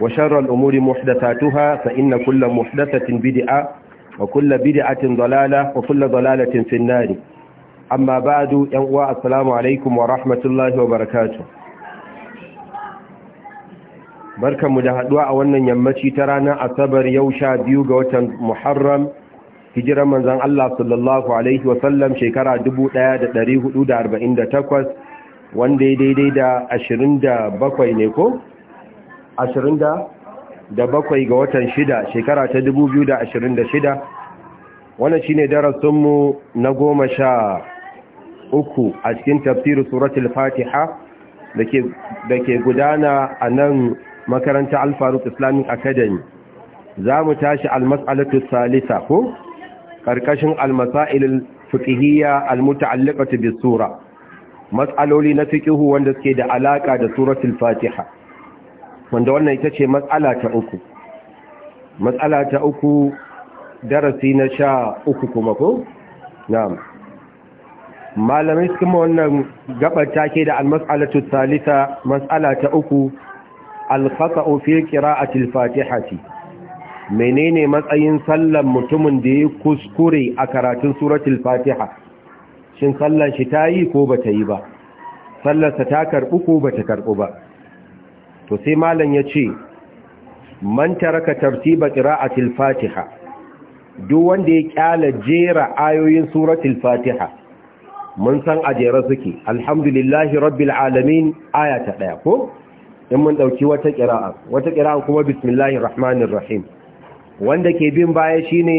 وشر الأمور محدثاتها فإن كل محدثة بدعة وكل بدعة ضلالة وكل ضلالة في النار أما بعد ينقوى السلام عليكم ورحمة الله وبركاته barkan mu da haduwa a wannan yammaci ta ranar asabar yau sha biyu ga watan muharram hijiran manzan Allah sallallahu alaihi wasallam shekara 1448 wanda ya daidai da bakwai ne ko ashirin da bakwai ga watan shida shekara ta dubu biyu da ashirin da shida wannan shine darasinmu na goma sha uku a cikin tafsir suratul fatiha da ke gudana a nan makaranta alfaruk islamic academy za mu tashi almas'alatu salisa ko ƙarƙashin almasa'il fiqhiyya almuta'alliqatu bis sura mas'aloli na fiqhu wanda suke da alaka da suratul fatiha wanda wannan ita ce matsala ta uku matsala ta uku darasi na sha uku kuma ko? na'am malamai suka ma wannan gabar take da almas'alatu salisa matsala ta uku alfasa kira a tilfati hati menene matsayin sallan mutumin da ya kuskure a karatun suratul fatiha shin sallan shi ta yi ko ba ta yi ba sallarsa ta karɓu ko ba ta karɓu ba to sai malam ya ce man taraka tartiba qira'atil fatiha duk wanda ya kyala jera ayoyin suratul fatiha mun san a jera suke alhamdulillahi rabbil alamin aya ta daya ko in mun dauki wata qira'a wata qira'a kuma bismillahir rahmanir rahim wanda ke bin baya shine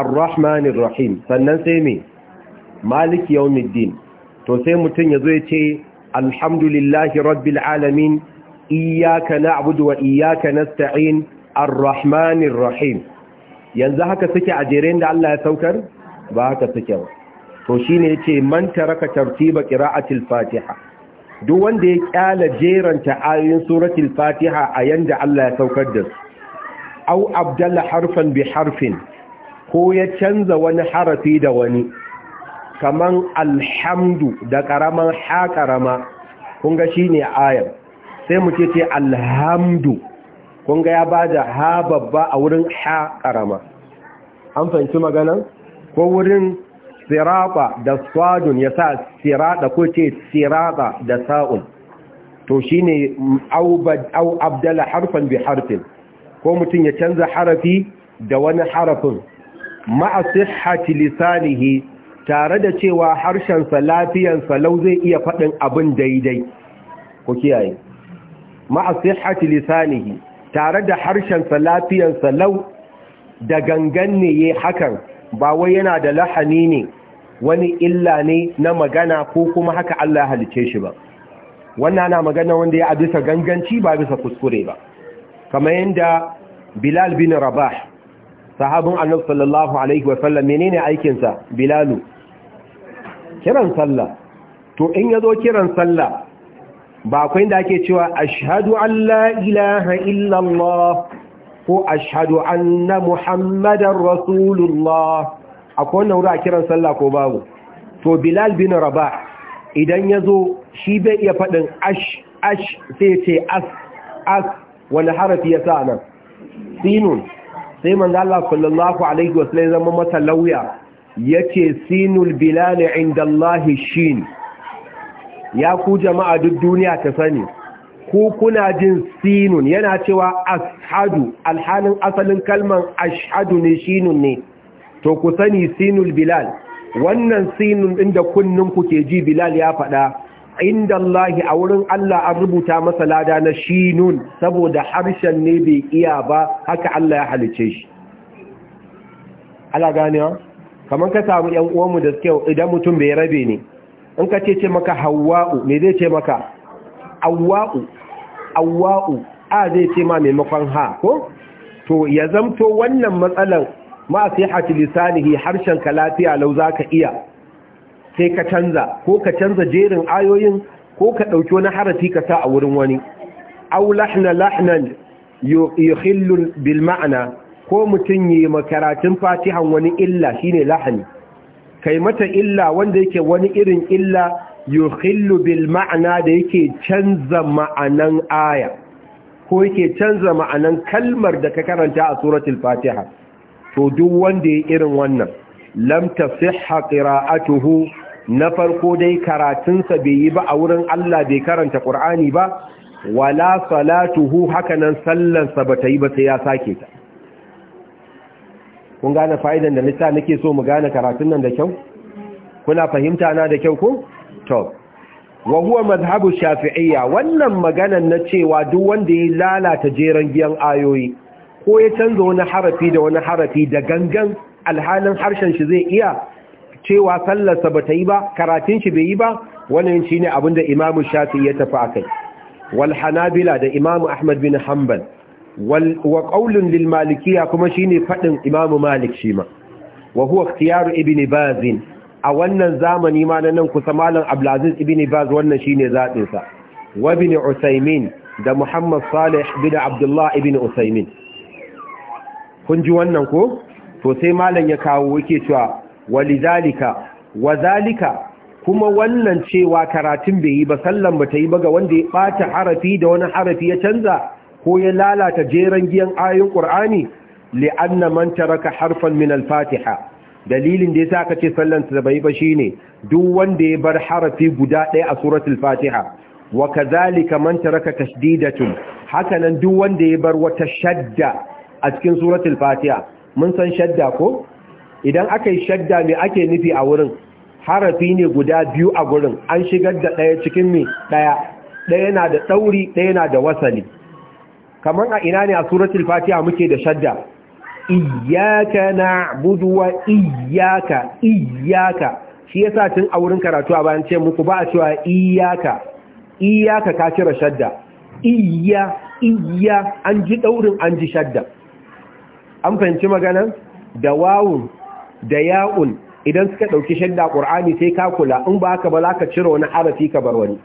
ar rahim sannan sai me maliki yawmiddin to sai mutun yazo ya ce alhamdulillahi rabbil alamin iyyaka na'budu wa iyyaka nasta'in ar-rahmanir rahim yanzu haka suke a jeren da Allah ya saukar ba haka suke ba to shine yace manta raka tartiba qira'atil fatiha duk wanda ya kyala jeranta ayoyin suratul fatiha a yanda Allah ya saukar da su au abdalla harfan bi harfin ko ya canza wani harafi da wani kaman alhamdu da karaman ha karama kun ga shine ayar sai mu ce ce alhamdu kunga ya ba da ha babba a wurin ha karama an fahimci maganan ko wurin Siraba da swadun ya sa Sirada ko ce Siraba da sa'un to shine au abdala harfan bi harfin ko mutum ya canza harafi da wani harafin ma'a sihhati lisanihi tare da cewa harshensa lafiyansa lau zai iya faɗin abin daidai ku kiyaye ma'a sihhati lisanihi tare da harshensa lafiyansa lau da gangan ne ya hakan ba wai yana da lahani ne wani illa ne na magana ko kuma haka Allah halice shi ba wannan na magana wanda ya abisa ganganci ba bisa kuskure ba kamar yadda Bilal bin Rabah sahabin Annabi sallallahu alaihi wa sallam menene aikin sa Bilalu kiran sallah to in yazo kiran sallah ba akwai da ake cewa ashhadu an la ilaha illallah ko ashhadu anna muhammadar rasulullah akwai wannan wuri a kiran sallah ko babu to bilal bin rabah idan ya zo shi bai iya faɗin ash ash sai ce as as wani harafi ya sa nan sinun sai da Allah sallallahu alaihi wasallam zama mata lauya yace sinul bilal inda Allah shin ya ku jama'a duk duniya ta sani ku kuna jin sinun yana cewa ashadu alhalin asalin kalman ashadu ne shinun ne to ku sani sinul bilal wannan sinun da kunnun ku ke ji bilal ya faɗa inda Allahi a wurin Allah an rubuta masa lada na shinun saboda harshen ne bai iya ba haka Allah ya halice shi ala ganewa kamar ka samu yan uwanmu da suke idan mutum bai rabe ne in ka ce maka hawa'u me zai ce maka awwa'u awwa'u a zai ce ma maimakon ha ko to ya zamto wannan matsalar ma sai hati lisanihi harshen ka lafiya lau zaka iya sai ka canza ko ka canza jerin ayoyin ko ka dauki wani harafi ka sa a wurin wani aw lahna lahnan yukhillu bil bilma'ana, ko mutum yi makaratun fatihan wani illa shine lahani kai mata illa wanda yake wani irin illa yukhillu bil ma'ana da yake canza ma'anan aya ko yake canza ma'anan kalmar da ka karanta a suratul fatiha to duk wanda ya irin wannan lam tasihha qira'atuhu na farko dai karatunsa bai yi ba a wurin Allah bai karanta Qur'ani ba wala salatuhu hakanan sallansa bata yi ba sai ya sake ta kun gane fa'idan da nisa nake so mu gane karatun nan da kyau kuna fahimta na da kyau ko to wa huwa shafi'iyya wannan maganan na cewa duk wanda ya lalata jeran giyan ayoyi ko ya canza wani harafi da wani harafi da gangan alhalin harshen shi zai iya cewa sallarsa ba ta yi ba karatun shi bai yi ba wannan shine abin da imamu shafi'i ya tafi akai wal hanabila da imamu ahmad bin hanbal wa qaulun lil malikiya kuma shine fadin imamu malik shima wa huwa ikhtiyaru ibn baz a wannan zamani ma nan kusa malam abdulaziz ibn baz wannan shine zabin sa wa ibni usaymin da muhammad salih bin abdullah ibni usaymin kun ji wannan ko to sai malam ya kawo yake cewa walidhalika wadhalika kuma wannan cewa karatun bai yi ba sallan ba ta yi ba ga wanda ya ɓata harafi da wani harafi ya canza ko ya lalata jeran giyan ayoyin qur'ani li'anna man taraka harfan min al-fatiha dalilin da yasa aka ce sallan ta bai ba shine duk wanda ya bar harafi guda ɗaya a suratul fatiha wa kadhalika man taraka tashdidatun hakanan duk wanda ya bar wata shadda a cikin suratul fatiha mun san shadda ko idan aka yi shadda me ake nufi a wurin harafi ne guda biyu a gurin an shigar da ɗaya cikin me ɗaya ɗaya na da ɗauri ɗaya na da wasali kamar a ina ne a suratul fatiha muke da shadda iyyaka na'budu wa iyyaka iyyaka shi yasa tun a wurin karatu a bayan ce muku ba a cewa iyyaka iyyaka ka cire shadda iyya iyya an ji daurin an ji shadda an fahimci magana da wawun da ya'un idan suka dauki shadda qur'ani sai ka kula in ba haka ba za ka cire wani harafi ka bar wani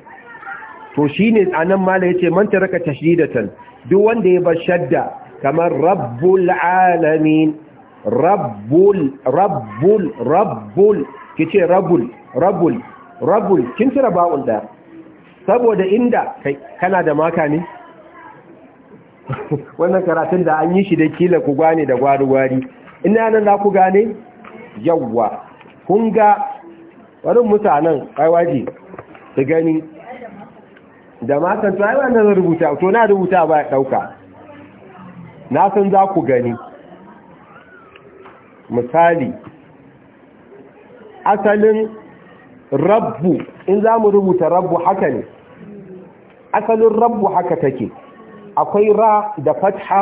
to shine anan mala yace man taraka tashdidatan duk wanda ya bar shadda kamar rabbul alamin rabbul rabbul rabbul kice rabbul rabbul rabbul kin tira ba'ul da saboda inda kai kana da maka ne wannan karatun da an yi shi da kila ku gane da gwari-gwari ina nan za ku gane yawwa kun ga wani mutanen kaiwaji su gani da matan to ai wannan rubuta to na rubuta ba ya dauka na san za ku gani misali asalin rabbu in za mu rubuta rabbu haka ne asalin rabbu haka take akwai ra da fatha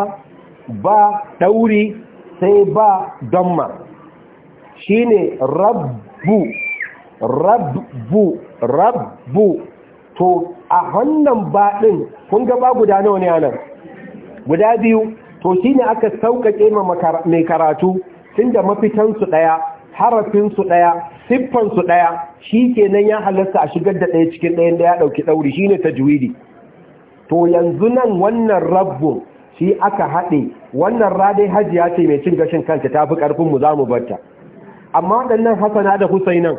ba dauri sai ba damma shine rabbu rabbu rabbu to a wannan baɗin kun gaba guda nawa ne anan guda biyu to shi ne aka sauƙaƙe mai karatu tunda mafitan su ɗaya harafin su ɗaya siffan su ɗaya ya halasta a shigar da ɗaya cikin ɗayan da ya ɗauki ɗauri Shi ne ta juwidi to yanzu nan wannan rabbin shi aka haɗe wannan radai hajiya ce mai cin gashin kanta ta fi ƙarfin mu za mu barta amma waɗannan hasana da husainan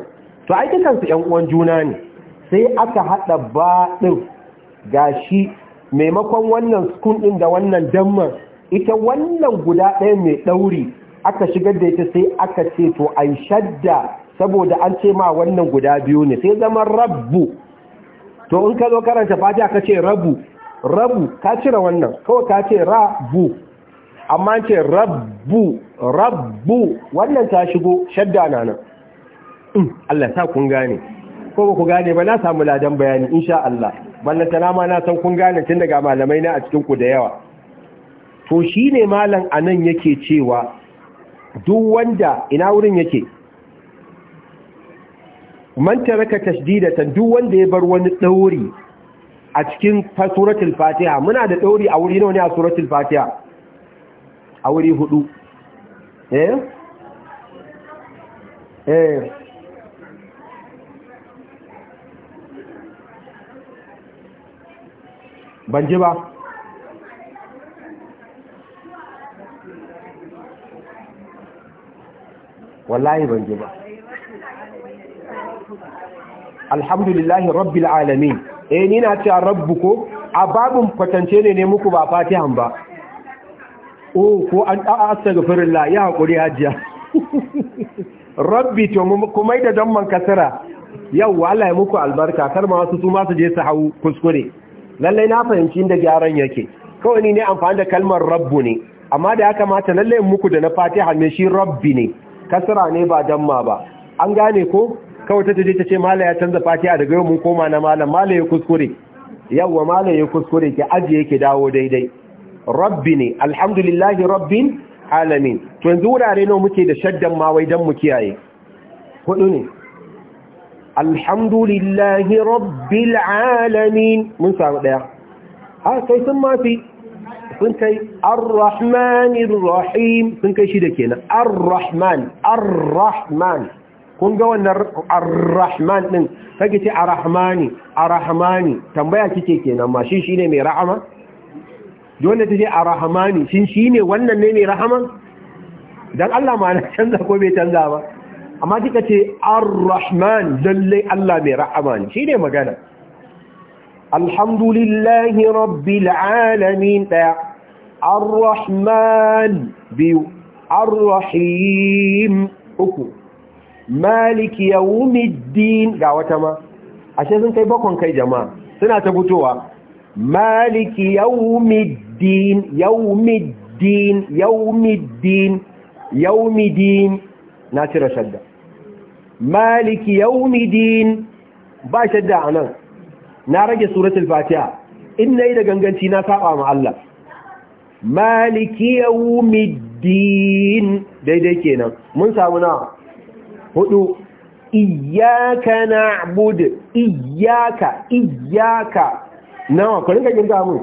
to aikin kansu ƴan uwan juna ne sai aka haɗa ba din gashi maimakon wannan sukun ɗin da wannan damar ita wannan guda ɗaya mai ɗauri aka shigar da ita sai aka ce to an shadda saboda an ce ma wannan guda biyu ne sai zama rabu to in ka zo karanta fati ka ce rabu rabu ka cire wannan kawai ka ce rabu amma ce rabu rabu wannan ta shigo shadda na nan hmm, Allah sa kun gane ko ba ku gane ba na samu ladan bayani insha Allah na ma na san kun gane tun daga malamai na a cikin ku da yawa to shine malam anan yake cewa duk wanda ina wurin yake man taraka tashdidatan duk wanda ya bar wani dauri a cikin suratul fatiha muna da dauri a wuri ne a suratul fatiha a wuri hudu eh eh ban ji ba wallahi ban ba alhamdulillahi rabbil alamin eh ni na a rabbu ko a babin kwatance ne ne muku ba fatihan ba oh ko an astaghfirullah ya hakuri hajiya rabbi to kuma da don man yau walayi muku albarka kar ma wasu su ma su je su hau kuskure lallai na fahimci inda gyaran yake kawai ni ne amfani da kalmar rabbu ne amma da ya kamata lallai muku da na fatiha mai shi rabbi ne kasra ne ba damma ba an gane ko kawai ta taje ta ce mala ya canza fatiha daga yau mun koma na malam mala ya kuskure yawwa mala ya kuskure ki ajiye ki dawo daidai rabbi ne alhamdulillahi rabbin alamin to yanzu wurare nawa muke da shaddan ma wai dan mu kiyaye hudu ne alhamdulillahi rabbil alamin mun samu daya Ha kai sun mafi sun kai ar rahim sun kai shi da kenan ar-rahman kun ga wannan ar ɗin, din kake ce ar-rahmani tambaya kike kenan ma shi shine mai rahama dole ta ce ar-rahmani shin shine wannan ne mai rahama dan Allah ma na canza ko bai canza ba amma kika ce ar-rahman lalle Allah mai rahama ne shine magana alhamdulillahi rabbil alamin daya ar-rahman biyu ar-rahim uku maliki yawmiddin ga wata ma ashe sun kai bakon kai jama'a suna ta fitowa maliki yawmiddin yawmiddin yawmiddin yawmiddin na cire shadda maliki din ba a nan. na rage suratul fatiha in nayi da ganganci na saba ma Allah maliki yaumidin daidai kenan mun samu na hudu na na'budu Iyaka, iyaka. nawa ku rinka kinga mu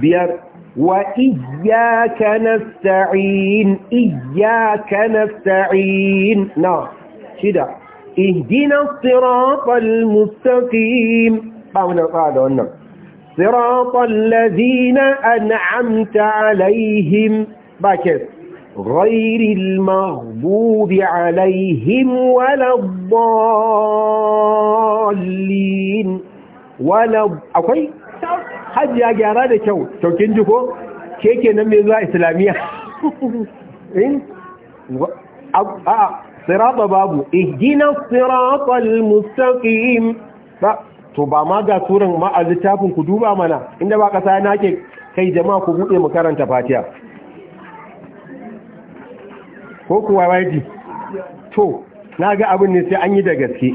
biyar wa iyyaka nasta'in iyyaka nasta'in nawa كده اهدنا الصراط المستقيم باونا قاعدة ونم صراط الذين أنعمت عليهم باكر غير المغضوب عليهم ولا الضالين ولا أوكي حاجة أجارات شو شو كنجوكو كيكي نمي الله إسلامية إيه؟ sirata babu ihdina siratal mustaqim ba to ba ma ga suran ma a littafin ku duba mana inda ba kasa na ke kai jama'a ku bude mu karanta fatiha ko kuwa waji to na ga abin ne sai an yi da gaske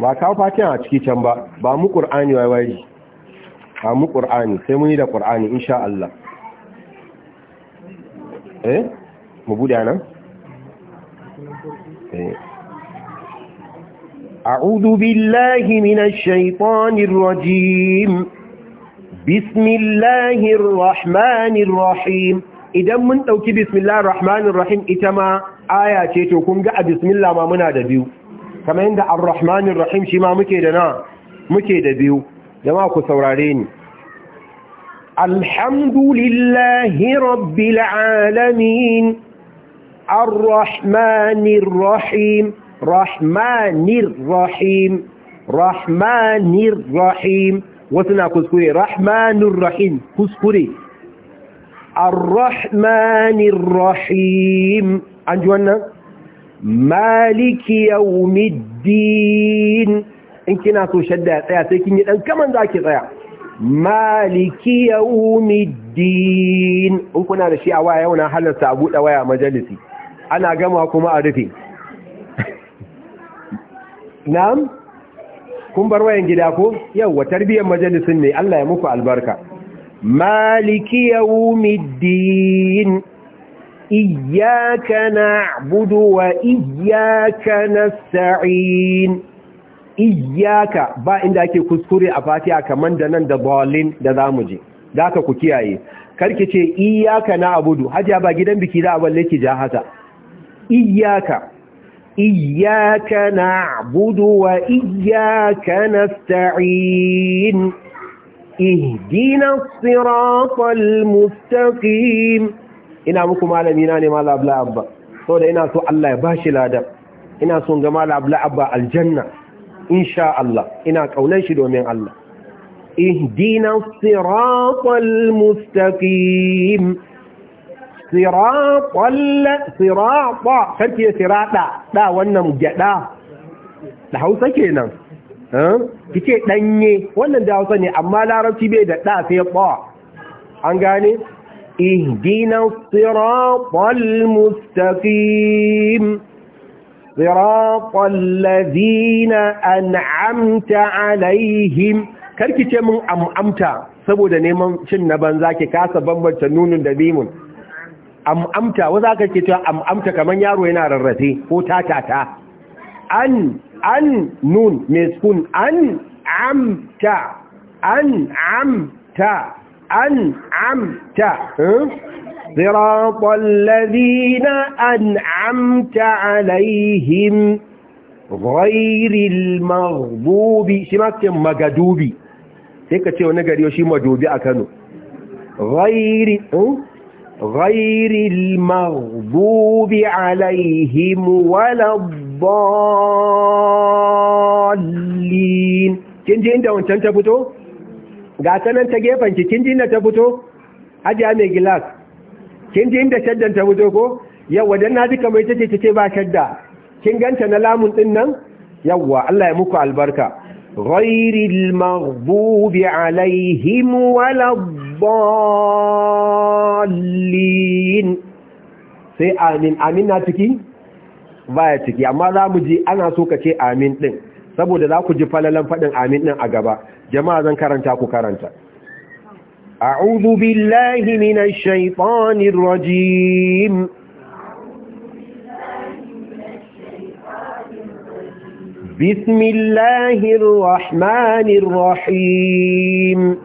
ba kawo fatiha a ciki can ba ba mu ƙur'ani wai ba mu ƙur'ani sai mun yi da ƙur'ani insha Allah eh mu buda nan أعوذ بالله من الشيطان الرجيم بسم الله idan mun ɗauki bismillah rahmanin rahim ita ma aya ce to kun ga a bismillah ma muna da biyu kamar yadda ar-rahmanin rahim shi ma muke da na muke da biyu jama'a ku saurare ni الحمد لله رب العالمين الرحمن الرحيم رحمن الرحيم رحمن الرحيم وسنا كسكري رحمن الرحيم كسكري الرحمن الرحيم أنجونا مالك يوم الدين إن كنا سوشدها سيكيني أن كمان ذاك سيكيني maliki ya yawmiddin in kuna da shi a waya yau na halarta a buɗe waya majalisi ana gama kuma a rufe na'am kun bar wayan gida ko yau tarbiyyar majalisin ne Allah ya muku albarka maliki ya iyaka iyyaka na'budu wa iyyaka sa'in iyaka ba inda ake kuskure a fatiha kamar da nan da bolin da zamu je da ka ku kiyaye karki ce iyaka na abudu hajiya ba gidan biki da aballe ki ja haka iyaka iyaka abudu wa iyaka nasta'in ihdina siratal mustaqim ina muku malami na ne malam abba saboda ina so Allah ya bashi ladan ina son ga malabla abba aljanna insha Allah ina kaunar shi domin Allah ihdina siratal mustaqim siratal sirata kace sirata da wannan gyada da Hausa kenan eh? kike danye wannan da Hausa ne amma larabci bai da da sai ba an gane ihdina siratal mustaqim صراط الذين أنعمت عليهم karki ce min am'amta saboda neman cin na banza ki kasa bambanta nunun da bimun am'amta waza ka ce cewa am'amta kaman yaro yana rarrafe ko tatata an an nun mai sukun an amta an amta an amta صراط الذين أنعمت عليهم غير المغضوب سمعت مغدوبي سيكا تشيو نغر يوشي مغدوبي أكانو غير غير المغضوب عليهم ولا الضالين كنجي انت وانت انت فتو غاتنا انت جيفا انت كنجي انت فتو أجي أمي جلاك kin ji inda shaddan ta fito ko yawa dan naji kamar ita ce ba shadda kin ganta na lamun din nan yawa Allah ya muku albarka ghayril maghdubi alaihim waladdallin sai amin amin na ciki baya ciki amma za mu ji ana so ka ce amin din saboda za ku ji falalan faɗin amin din a gaba jama'a zan karanta ku karanta أعوذ بالله من الشيطان الرجيم بسم الله الرحمن الرحيم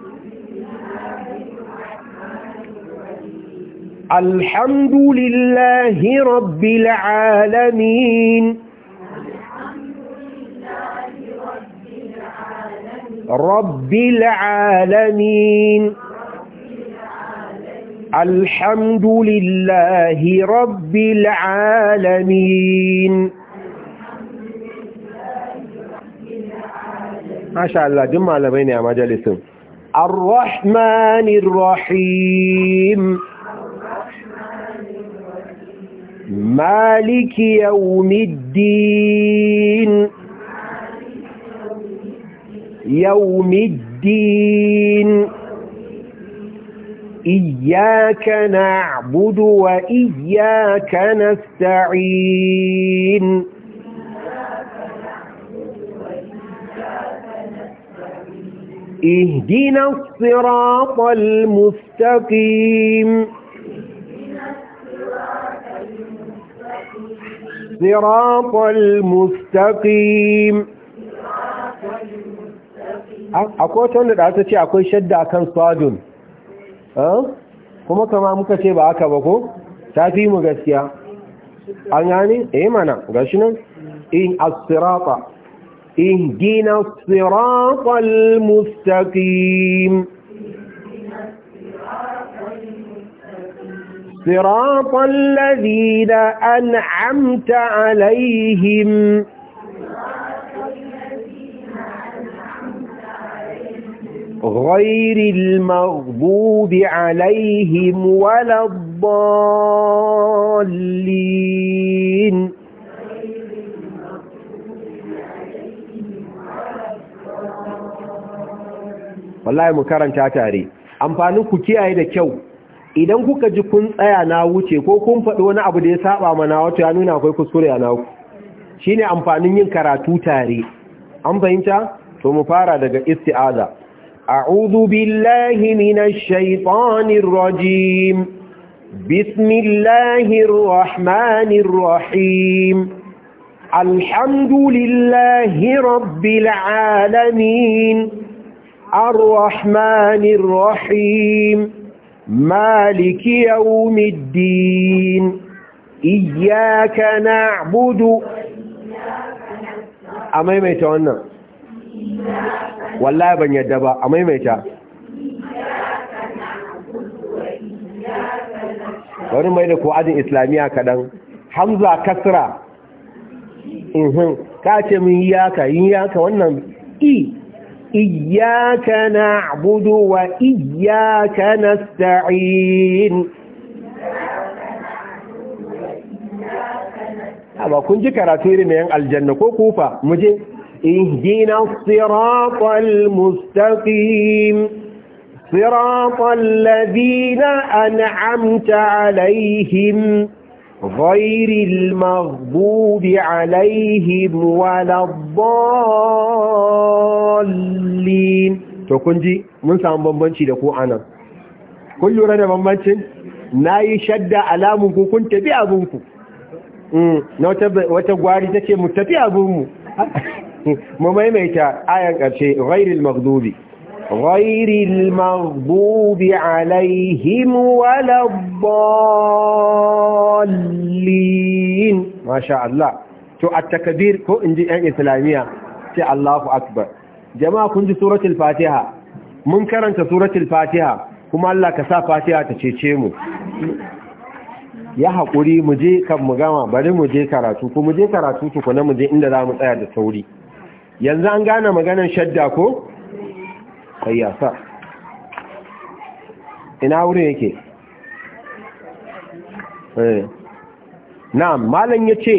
الحمد لله رب العالمين رب العالمين الحمد لله رب العالمين ما شاء الله جمع لبيني يا مجالس الرحمن الرحيم مالك يوم الدين, يوم الدين إياك نعبد وإياك نستعين اهدنا الصراط المستقيم صراط المستقيم أقول wata wanda da ta ce akwai kuma kama muka ce ba haka ba ko ta fi mu gaskiya an gane eh mana gashi nan in as-sirata ihdina as-sirata al-mustaqim صراط الذين أنعمت عليهم غير المغضوب عليهم ولا الضالين wallahi mu karanta tare amfanin ku kiyaye da kyau idan kuka ji kun tsaya na wuce ko kun faɗi wani abu da ya saba mana wato ya nuna akwai kuskure a naku shine amfanin yin karatu tare an fahimta to mu fara daga isti'aza أعوذ بالله من الشيطان الرجيم بسم الله الرحمن الرحيم الحمد لله رب العالمين الرحمن الرحيم مالك يوم الدين إياك نعبد أما يميتون إياك wallahi ban yadda ba a maimaita bari mai da ko adin islamiyya kaɗan hamza kasra inhin ka ce min iyaka iyaka wannan i iyaka na abudu wa iyaka na sta'in ba kun ji karatu irin yan aljanna ko kufa muje اهدنا الصراط المستقيم صراط الذين أنعمت عليهم غير المغضوب عليهم ولا الضالين to kun ji mun samu bambanci da ku anan kun lura da bambancin nayi shadda alamun ku kun tafi abun hmm, na wata gwari gwari tace mu tafi abun mu mu maimaita ayan ƙarshe ghairil maghdubi ghairil maghdubi alaihim waladdallin masha Allah to at takbir ko inji ɗan islamiya sai Allahu akbar jama'a kun ji suratul fatiha mun karanta suratul fatiha kuma Allah ka sa fatiha ta cece mu ya haƙuri mu je kan mu gama bari mu je karatu ko mu je karatu tukuna mu je inda za mu tsaya da sauri yanzu an gane maganan shadda ko ƙayyasa ina wurin yake eh. na'am malam ce,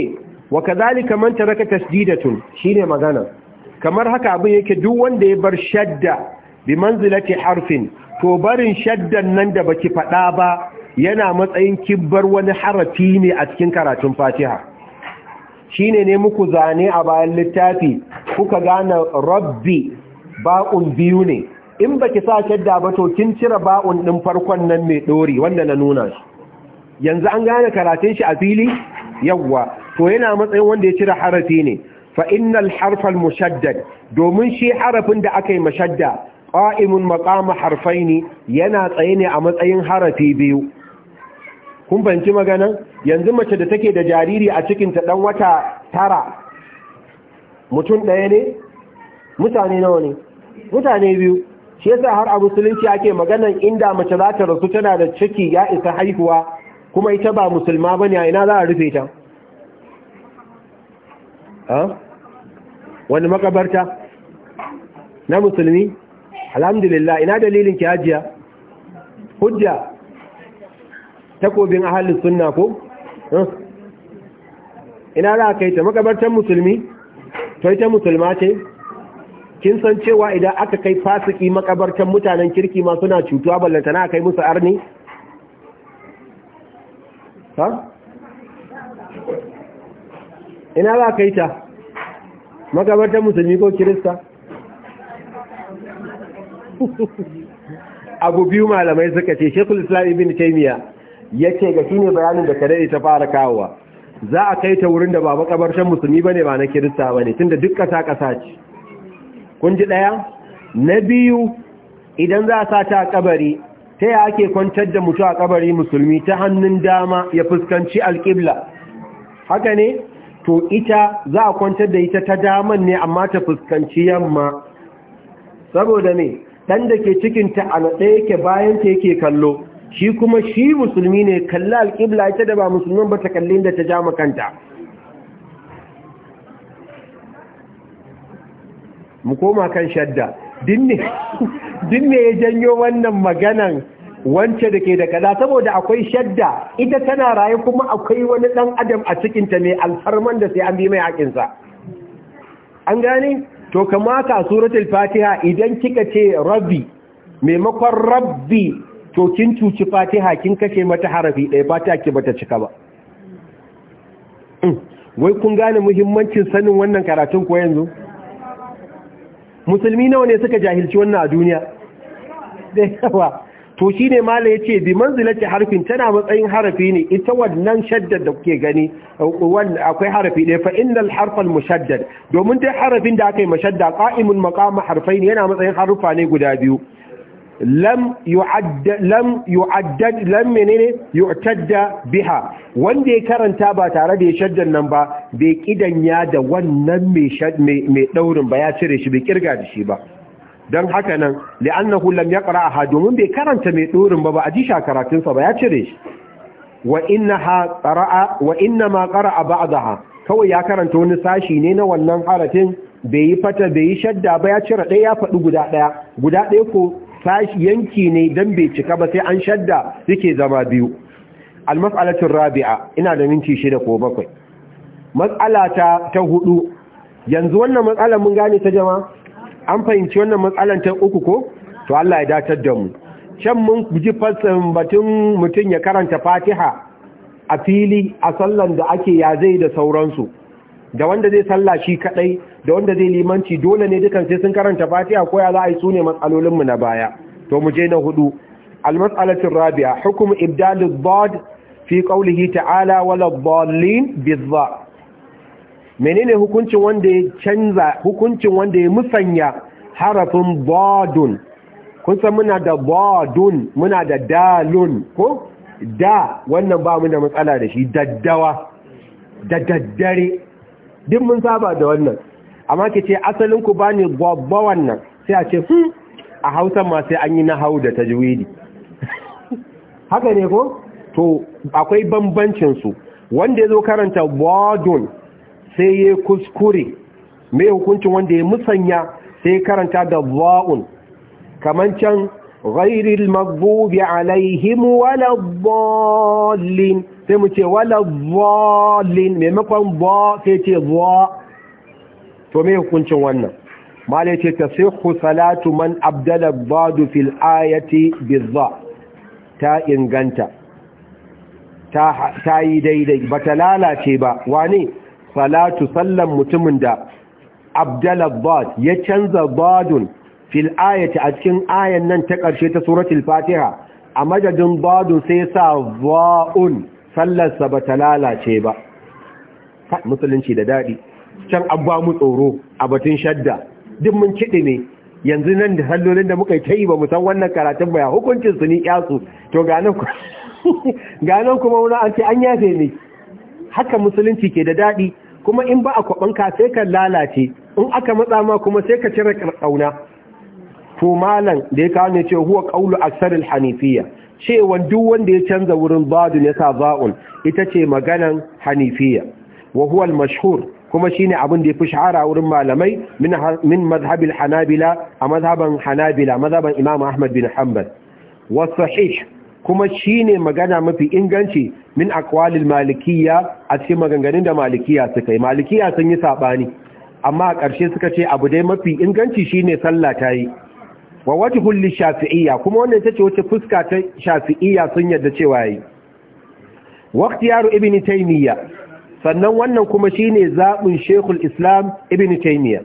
wa ka kadhalika raka taraka tasdidatun shine magana kamar haka abin yake duk wanda ya bar shadda bi manzilati harfin to barin shaddan nan da baki faɗa ba yana matsayin kibbar wani harafi ne a cikin karatun Fatiha shine ne muku zane a bayan littafi kuka gane rabbi ba'un biyu ne in baki sa shadda ba to kin cire ba'un ɗin farkon nan mai ɗori, wanda na nuna shi yanzu an gane karatun shi a fili yawwa to yana matsayin wanda ya cire harafi ne fa innal harfal mushaddad domin shi harafin da aka yi mashadda qa'imun harfai ne. yana tsaye ne a matsayin harafi biyu kun fahimci magana yanzu mace da take da jariri a cikinta dan wata tara mutum ɗaya ne mutane nawa ne mutane biyu shi yasa har a musulunci ake maganan inda mace za ta rasu tana da ciki ya isa haihuwa kuma ita ba musulma bane a ina za a rufe ta wani makabarta na musulmi alhamdulillah ina dalilin ki hajiya hujja takobin ahalin suna ko ina za a kai ta makabartar musulmi to ta musulma ce kin san cewa idan aka kai fasiki makabartar mutanen kirki ma suna cutuwa ballanta na kai musu arni ha ina za a kai ta makabartar musulmi ko kirista abu biyu malamai suka ce shekul islam ibn taimiyya yake ga ne bayanin da kare ta fara kawowa za a kai ta wurin da ba shan musulmi bane ba na kirista ba bane tunda duk kasa kasa ce kun ji daya na biyu idan za a sa ta a kabari ta ya ake kwantar da mutu a kabari musulmi ta hannun dama ya fuskanci alƙibla haka ne to ita za a kwantar da ita ta daman ne amma ta fuskanci yamma saboda ne ɗan da ke cikinta a naɗe yake bayan ta yake kallo shi kuma shi musulmi ne kalli alƙibla ita da ba musulman ba ta kalli da ta ja makanta mu koma kan shadda ne ya janyo wannan maganan wance da ke da kaza saboda akwai shadda ita tana rayu kuma akwai wani ɗan adam a cikinta mai alfarman da sai an bi mai haƙinsa an gani to kamata suratul fatiha idan kika ce rabbi maimakon rabbi to kin cuci fatiha kin kashe mata harafi ɗaya fatiha ki bata cika ba mm. wai kun gane muhimmancin sanin wannan karatun ko yanzu musulmi nawa ne suka jahilci wannan a duniya da yawa to shi ne ya ce bi manzilati harfin tana matsayin harafi ne ita wannan shaddad da kuke gani akwai harafi ne fa innal harfal mushaddad domin dai harafin da aka yi mashadda qa'imun maqama harfain yana matsayin harufa ne guda biyu lam yu'addad lam menene yu'tadda biha wanda ya karanta ba tare da ya shaddan nan ba bai kidanya da wannan mai daurin ba ya cire shi bai kirga da shi ba don haka nan li'annahu lam yaqra domin bai karanta mai daurin ba ba a ji sa ba ya cire shi wa innaha qara'a wa inna ma qara'a ba'daha kawai ya karanta wani sashi ne na wannan harafin bai yi fata bai yi shadda ba ya cire ɗaya ya faɗi guda ɗaya guda ɗaya ko sashi yanki ne don bai cika ba sai an shadda suke zama biyu almas'alatu rabi'a ina da minti shida ko bakwai Matsala ta ta hudu yanzu wannan matsalar mun gane ta jama'a an fahimci wannan matsala ta uku ko to Allah ya datar da mu can mun ji fassan batun mutum ya karanta fatiha a fili a sallan da ake ya da sauransu da wanda zai salla shi kadai da wanda zai limanci dole ne dukan sai sun karanta fatiha ko ya za a yi sune matsalolin mu na baya to mu je na hudu al-mas'alatu rabi'a hukum ibdal ad-dad fi qawlihi ta'ala wala ad-dallin bi menene hukuncin wanda ya canza hukuncin wanda ya musanya harafin badun kun san muna da badun muna da dalun ko da wannan ba mu da matsala da shi daddawa da daddare duk mun saba da wannan amma ke ce asalin ku bani gbogbo wannan sai a ce hmm a hausa ma sai an yi na hau da tajwidi haka ne ko to akwai bambancin su wanda ya zo karanta bodun sai ya kuskure mai hukuncin wanda ya musanya sai karanta da wa'un Kamar can ghairil magbubi alaihim wala waladdallin sai mu ce wala zolin maimakon zo sai ce zo to mai hukuncin wannan malai ce ta sai salatu man abdala badu fil ayati bizza ta inganta ta yi daidai ba ta lalace ba wane salatu sallan mutumin da abdala bad ya canza badun fil ayati a cikin ayan nan ta ƙarshe ta suratul fatiha a madadin badun sai sa za'un sallarsa ba ta lalace ba musulunci da daɗi can an mu tsoro a batun shadda duk mun kiɗi ne yanzu nan da sallolin da muka yi ta yi ba san wannan karatun baya hukuncin su ni yasu to ganin kuma wani an ce an yafe ne haka musulunci ke da daɗi kuma in ba a kwaɓanka sai ka lalace in aka matsa ma kuma sai ka cire ƙarƙauna to malam da ya kawo ne ce huwa ƙaulu aksaril hanifiya cewan duk wanda ya canza wurin badun ya sa za'un ita ce maganan hanifiya wa huwa al-mashhur kuma shine abin da ya fi shahara wurin malamai min al hanabila a mazhaban hanabila mazhaban imam ahmad bin hanbal wa sahih kuma shine magana mafi inganci min al malikiyya a cikin maganganun da malikiyya suka yi malikiyya sun yi sabani amma a ƙarshe suka ce abu dai mafi inganci shine sallah ta yi wa wajhul li shafi'iyya kuma wannan tace wace fuska ta shafi'iyya sun yadda cewa yayi Waqti yaro ibn taymiyya sannan wannan kuma shine zabin shekul islam ibn taymiyya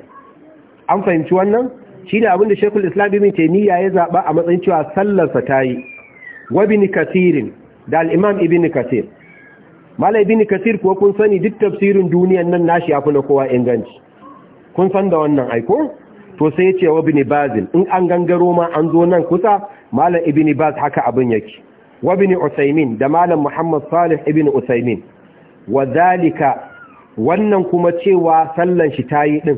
an fahimci wannan shine abin da shekul islam ibn taymiyya ya zaba a matsayin cewa sallarsa tayi wa ibn kathir da al-imam kasir kathir mala ibn kathir kuwa kun sani duk tafsirin duniyan nan nashi yafi na kowa inganci kun san da wannan aiko to sai ce wa bin bazin in an gangaro ma an zo nan kusa malam ibn baz haka abin yake wa bin usaymin da malam muhammad salih ibn usaymin wa wannan kuma cewa sallan shi tayi din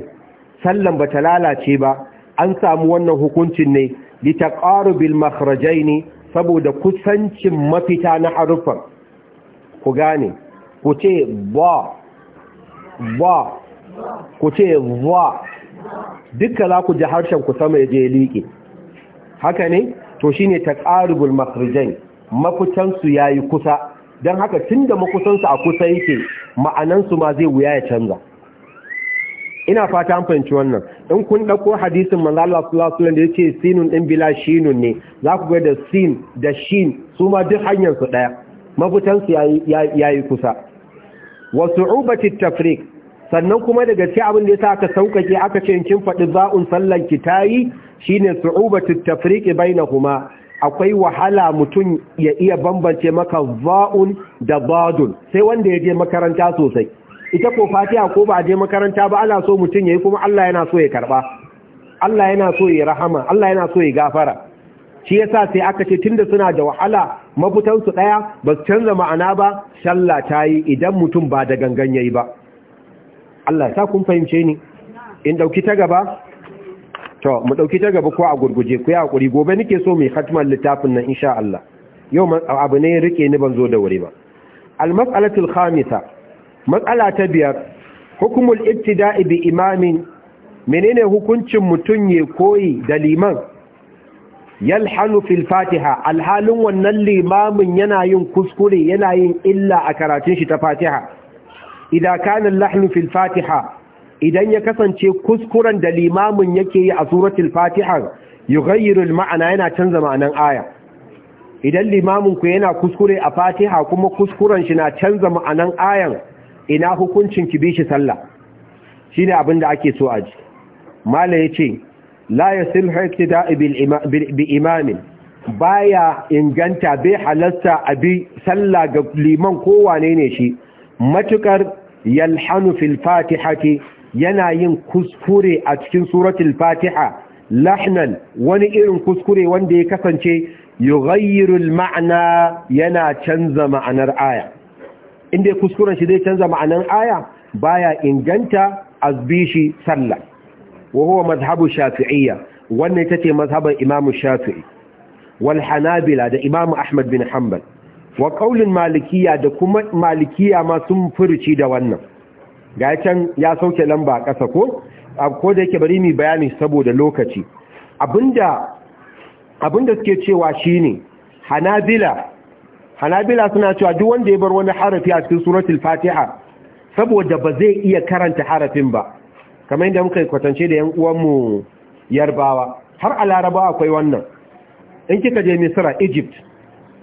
sallan bata lalace ba an samu wannan hukuncin ne li taqarubil makhrajaini saboda kusancin mafita na harufan ku gane ku ce ba ba ku ce ba dukka za ku ji harshen ku sama ya je liƙe haka ne to shine taqaribul makhrijain Mafitansu ya yi kusa Don haka tun da makusansu a kusa yake ma'anansu ma zai wuya ya canza ina fata an fahimci wannan in kun ɗauko hadisin manzo Allah sallallahu alaihi da yace sinun din bila shinun ne za ku ga da sin da shin su ma duk hanyar su daya Mafitansu ya yayi kusa wa su'ubati tafriq sannan kuma daga ce abin da ya sa aka sauƙaƙe aka ce kin faɗi za'un sallan ki tayi shine su'ubatu tafriqi bainahuma akwai wahala mutum ya iya bambance maka za'un da badun sai wanda ya je makaranta sosai ita ko fatiha ko ba a je makaranta ba ana so mutum yayi kuma Allah yana so ya karɓa. Allah yana so ya rahama Allah yana so ya gafara shi yasa sai aka ce tunda suna da wahala mafutan su daya ba su canza ma'ana ba sallah tayi idan mutum ba da gangan yayi ba Allah ta kun fahimce ni in dauki ta gaba to mu dauki ta gaba ko a gurguje ku ya hakuri gobe nake so mai khatman littafin nan insha Allah yau abu ne rike ni ban zo da wuri ba al mas'alatul khamisa mas'ala ta biyar hukumul ibtida'i bi imamin menene hukuncin mutun ya koyi da liman yalhanu fil fatiha alhalin wannan limamin yana yin kuskure yana yin illa a karatun shi ta fatiha idan kanin lahmi fil fatiha idan ya kasance kuskuren da limamin yake yi a suratul fatiha yughayyirul ma'ana yana canza ma'anan aya idan limamin ku yana kuskure a fatiha kuma kuskuren shi na canza ma'anan ayan ina hukuncin ki bi shi sallah shine abin da ake so a ji mallam yace la yasil iktida'i bil imamin baya inganta bai halasta abi sallah ga liman kowane ne shi matukar yalhanu fil fatihati yana yin kuskure a cikin suratul fatiha lahnan wani irin kuskure wanda ya kasance al ma'ana yana canza ma'anar aya inda kuskuren shi zai canza ma'anar aya baya inganta azbishi sallah wa huwa madhhabu shafi'iyya wannan tace ce imamu shafi'i wal hanabila da imamu ahmad bin hanbal wa qaulin malikiya da kuma malikiya ma sun furuci da wannan ga can ya sauke lamba a ƙasa ko ko da yake bari mai bayani saboda lokaci abinda suke cewa shine hanabila hanabila suna cewa duk wanda ya bar wani harafi a cikin suratul fatiha saboda ba zai iya karanta harafin ba kamar yadda muka kwatance da yan uwanmu yarbawa har a larabawa akwai wannan in kika je misira egypt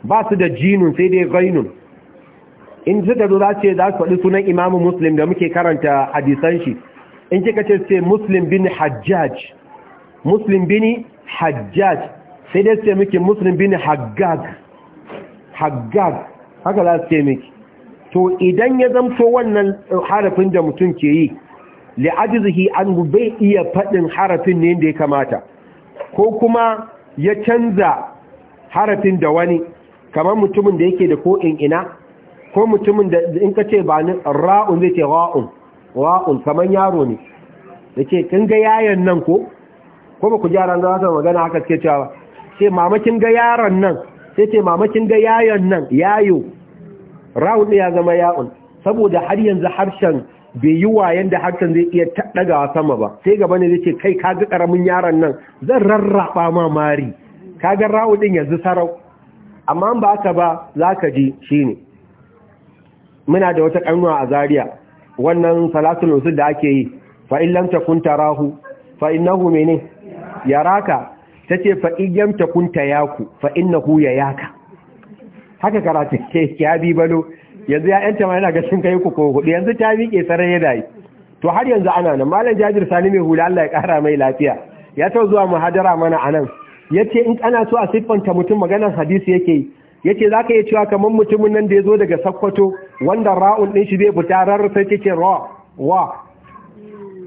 ba su da jinun sai dai gainun in ji da za ce za su faɗi sunan imamu muslim da muke karanta hadisan shi in kika ce sai muslim bin hajjaj muslim bin hajjaj sai dai sai muke muslim bin haggag haggag haka za su ce miki to idan ya zamto wannan eh, harafin da mutum ke yi li'ajizihi an bai iya faɗin harafin ne da ya kamata ko kuma ya canza harafin da wani kamar mutumin da yake da ko in ina ko mutumin da in ka ce ba ni ra'un zai ce ra'un ra'un kamar yaro ne da ce kin ga yayan nan ko ko ba ku jaran za su magana haka ce cewa ce mamakin ga yaron nan sai ce mamakin ga yayan nan yayo ra'un ya zama ya'un saboda har yanzu harshen bai yi wa da harshen zai iya taɗagawa sama ba sai gaba ne zai ce kai ka ga karamin yaron nan zan rarraba ma mari kaga ra'u din yanzu sarau amma ba haka ba za ka ji shi ne muna da wata ƙarnuwa a zariya wannan salatul usul da ake yi fa'in lamta kun tarahu fa'in hu mene raka ta ce fa'in yamta kun ta ku fa'in hu ya yaka haka karatun ke ya bi balo yanzu ya ‘yanta ma yana ga sun kai kuku hudu yanzu ta biƙe sarai ya dayi to har yanzu ana nan malam jajir sani mai hula Allah ya ƙara mai lafiya ya ta zuwa mahadara mana a nan ya ce in ana so a siffanta mutum maganar hadisi yake yi ya ce za ka iya cewa kamar mutumin nan da ya zo daga sakkwato wanda ra'un ɗin shi zai fita rar sai ce ra wa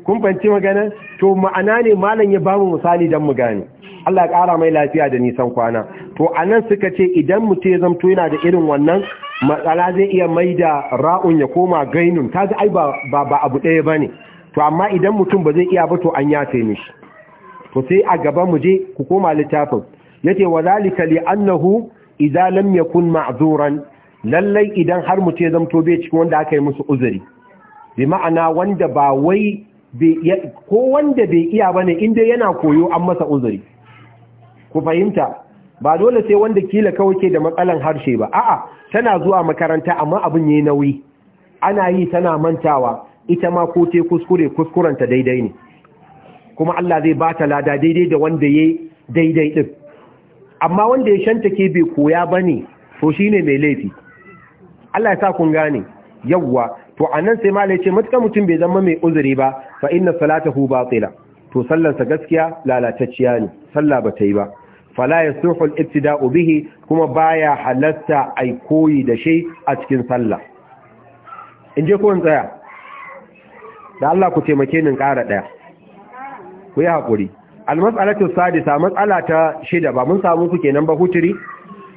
kun fanci magana to ma'ana ne malam ya bamu misali don mu gane Allah ya ƙara mai lafiya da nisan kwana to a nan suka ce idan mutum ya zamto yana da irin wannan matsala zai iya mai da ra'un ya koma gainun kaga ai ba abu ɗaya ba ne to amma idan mutum ba zai iya ba to an yafe mishi to sai a gaba mu je ku koma littafin yace wazalika li annahu idza lam yakun ma'zuran lallai idan har mu ce zamto bai cikin wanda aka yi musu uzuri bi ma'ana wanda ba wai ko wanda bai iya bane inda yana koyo an masa uzuri ku fahimta ba dole sai wanda kila kawai ke da matsalan harshe ba a'a tana zuwa makaranta amma abin yayi nauyi ana yi tana mantawa ita ma ko te kuskure ta daidai ne kuma Allah zai ba ta lada daidai da wanda ya daidai ɗin amma wanda ya shanta ke bai koya ba ne to shi ne mai laifi Allah ya sa kun gane yawwa to a nan sai malai ce matuƙa mutum bai zama mai uzuri ba fa inna ba batila to sallarsa gaskiya lalatacciya ne sallah ba ta yi ba fala yasuhu al-ibtida'u bihi kuma baya halatta ai koyi da shi a cikin sallah in je ko in tsaya da Allah ku taimake ni in ƙara ɗaya ku yi haƙuri almas'alatu sadisa matsala ta shida ba mun samu ku kenan ba huturi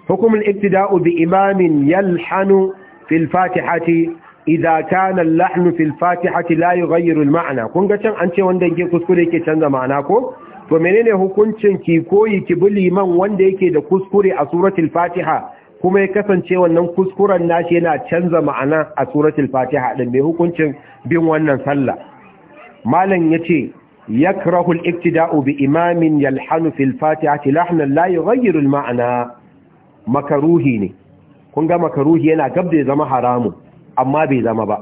hukumul ibtida'u bi imamin yalhanu fil fatihati idza kana al-lahn fil fatihati la yughayyiru al-ma'na kun ga can an ce wanda yake kuskure yake canza ma'ana ko to menene hukuncin ki koyi ki bi liman wanda yake da kuskure a suratul fatiha kuma ya kasance wannan kuskuren nashi yana canza ma'ana a suratul fatiha din me hukuncin bin wannan sallah malam yace yakrahu al-iktida'u bi imamin yalhanu fil fatihati lahnan la yughayyiru al-ma'na makaruhi ne kun ga yana gabda ya zama haramun amma bai zama ba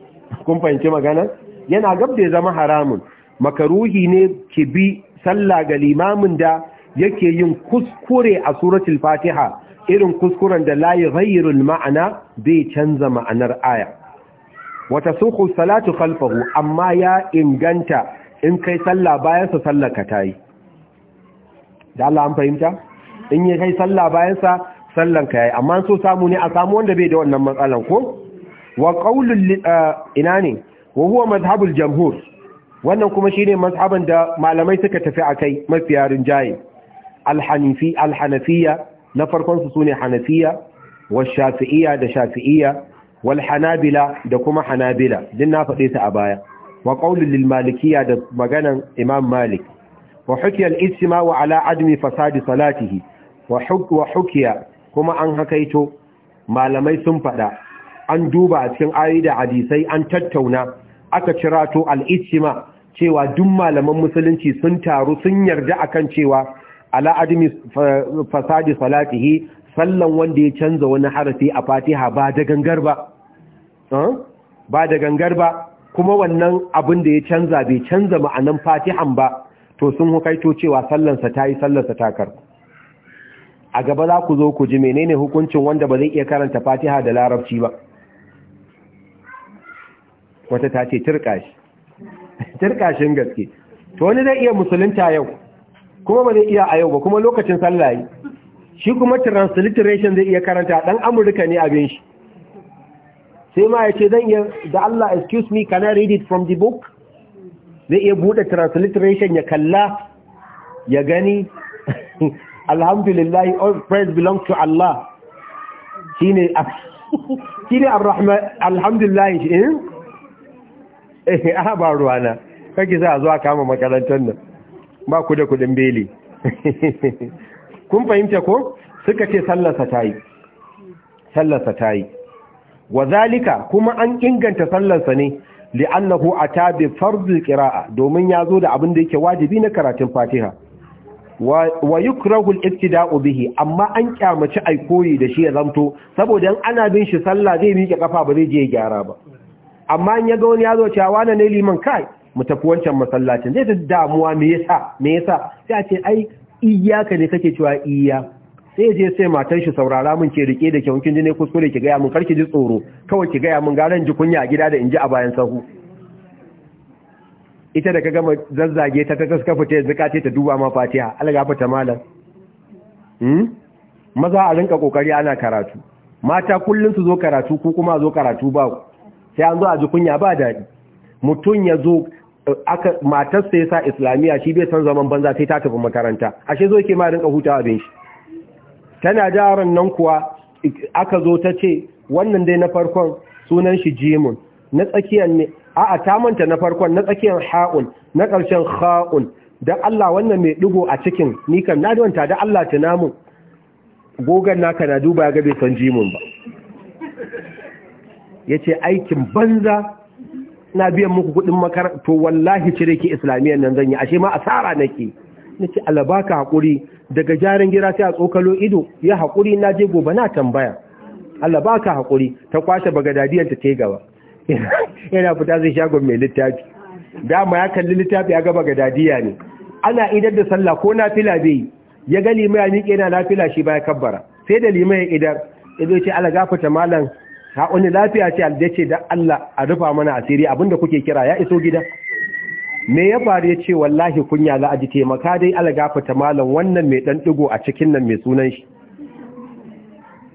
kun fahimci magana yana gabda ya zama haramun makaruhi ne ki bi sallah ga limamin da yake yin kuskure a suratul fatiha irin kuskuren da la yughayyiru al bai canza ma'anar aya wata suku salatu khalfahu amma ya inganta in kai sallah sa sallar ka tayi yi da Allah an fahimta in yi kai sallah bayansa sallan ka yayi amma so samu ne a samu wanda bai da wannan matsalan ko wa qaulul ina ne wa huwa madhhabul jamhur wannan kuma shine mazhaban da malamai suka tafi akai mafiya rinjaye al-hanifi al-hanafiyya na farkon su sune hanafiya, wa shafi'iyya da shafi'iyya wal hanabila da kuma hanabila din na faɗe su a baya wa qaulul lil malikiyya da maganan imam malik wa hukiya al wa ala fasadi salatihi wa hukiya kuma an hakaito malamai sun fada an duba a cikin ayoyi da hadisai an tattauna aka cirato al istima cewa duk malaman musulunci sun taru sun yarda akan cewa ala admi fasadi salatihi sallan wanda ya canza wani harafi a fatiha ba da gangar ba ba da gangar ba kuma wannan abin da ya canza bai canza ma'anan fatihan ba to sun hukaito cewa sallansa ta yi sallansa takar a gaba za ku zo ku ji menene hukuncin wanda ba zai iya karanta fatiha da larabci ba wata ta ce turkashi turkashin gaske to wani zai iya musulunta yau kuma ba zai iya a yau ba kuma lokacin sallah shi kuma transliteration zai iya karanta dan amurka ne abin shi sai ma ya ce zan iya da Allah excuse me can I read it from the book zai iya buɗe transliteration ya kalla ya gani alhamdulillah all praise belongs to Allah shi ne alhamdulillah shi eh, eh a ba ruwana kake za a zuwa kama makarantar nan ba ku da kudin beli kun fahimta ko suka ce sallasa ta yi sallasa ta yi Wazalika kuma an inganta sallarsa ne li'annahu ata bi fardhi qira'a domin yazo da abin da yake wajibi na karatun Fatiha wa yukrahu al-ibtida'u bihi amma an kyamaci ai koyi da shi ya zamto saboda in ana bin shi sallah zai miƙe kafa ba zai je ya gyara ba amma in yaga wani yazo cewa wani ne liman kai mu tafi wancan masallacin zai ta damuwa me yasa me yasa sai a ce ai iyaka ne kake cewa iya sai je sai matan shi saurara mun ke rike da kyau kin ji ne kuskure ki gaya mun karki ji tsoro kawai ki gaya mun garan ji kunya a gida da inji a bayan sahu ita da ka gama zazzage ta ta taska fita yanzu ka ce ta duba ma fatiha alga fata malam hmm? maza a rinka kokari ana karatu mata kullun su zo karatu ko kuma zo karatu ba sai an zo a ji kunya ba daɗi mutum ya zo aka matar sai sa islamiya shi bai san zaman banza sai ta tafi makaranta ashe zo ke ma rinka hutawa bin shi tana jaran nan kuwa aka zo ta ce wannan dai na farkon sunan shi jimun na tsakiyar ne a'a ta manta na farkon na tsakiyar ha'un na ƙarshen ha'un don Allah wannan mai ɗigo a cikin nikan na duwanta da Allah ta namu gogon naka na duba ga bai san jimun ba Ya ce aikin banza na biyan muku kudin makaranta to wallahi cire ki islamiyyar nan zan yi ashe ma asara nake ce alabaka haƙuri. daga jarin gira sai a tsokalo ido ya haƙuri na je gobe na tambaya Allah ba ka haƙuri ta kwashe bagadadiyanta ta yi gaba yana fita zai shagon mai littafi dama ya kalli littafi ya ga bagadadiya ne ana idar da sallah ko na fila bai ya ga lima ya miƙe na lafila shi baya kabbara sai da lima ya idar ya ce ala gafata malam ha wani lafiya ce a da Allah a rufa mana asiri abinda kuke kira ya iso gida me ya faru ya ce wallahi kunya za a ji taimaka dai algafa ta malam wannan mai dan digo a cikin nan mai sunan shi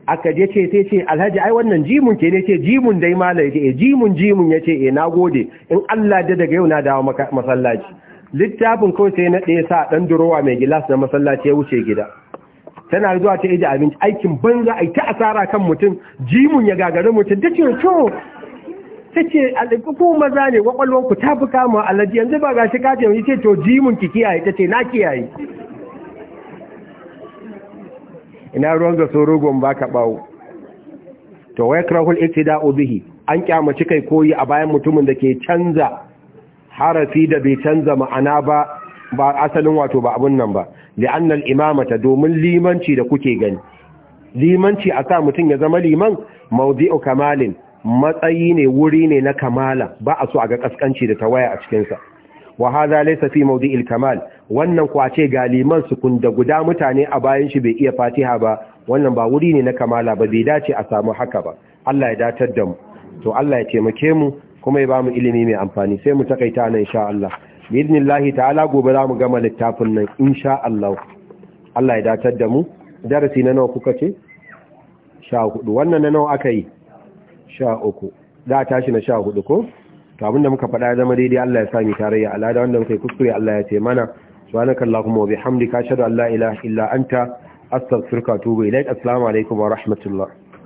aka je ce sai ce alhaji ai wannan jimun ke ne ce jimun dai malam ya eh, jimun jimun ya ce e na gode in Allah da daga yau na dawo masallaci littafin kawai sai na ɗaya sa dan durowa mai gilas na masallaci ya wuce gida tana zuwa ta ije abinci aikin banza a ta asara kan mutum jimun ya gagari mutum da ce to ta ce ku maza ne ku ta fi kama alaji yanzu ba gashi ka ce ce to mun ki kiyaye ta ce na kiyaye ina ruwan ga sorogon ba ka bawo to wai krahul da bihi an kyamaci kai koyi a bayan mutumin da ke canza harafi da bai canza ma'ana ba ba asalin wato ba abun nan ba li'anna al-imamata domin limanci da kuke gani limanci a sa mutum ya zama liman mawdi'u kamalin matsayi ne wuri ne na kamala ba a so a ga kaskanci da tawaya a cikinsa wa hadha laysa fi mawdi'il kamal wannan kwace galiman su kun da guda mutane a bayan shi bai iya fatiha ba wannan ba wuri ne na kamala ba bai dace a samu haka ba Allah ya datar da mu to Allah ya taimake mu kuma ya bamu ilimi mai amfani sai mu takaita nan insha Allah idnillahi ta'ala gobe za mu gama littafin nan insha Allah Allah ya datar da mu darasi na nawa kuka ce Sha hudu. wannan na nawa aka yi sha za a tashi na sha hudu ko to da muka faɗa ya zama daidai Allah ya sami tarayya alada wanda muka yi kuskure Allah ya ce mana subhanaka allahumma wa bihamdika ashhadu an la ilaha illa anta astaghfiruka wa atubu ilaik assalamu alaikum wa rahmatullah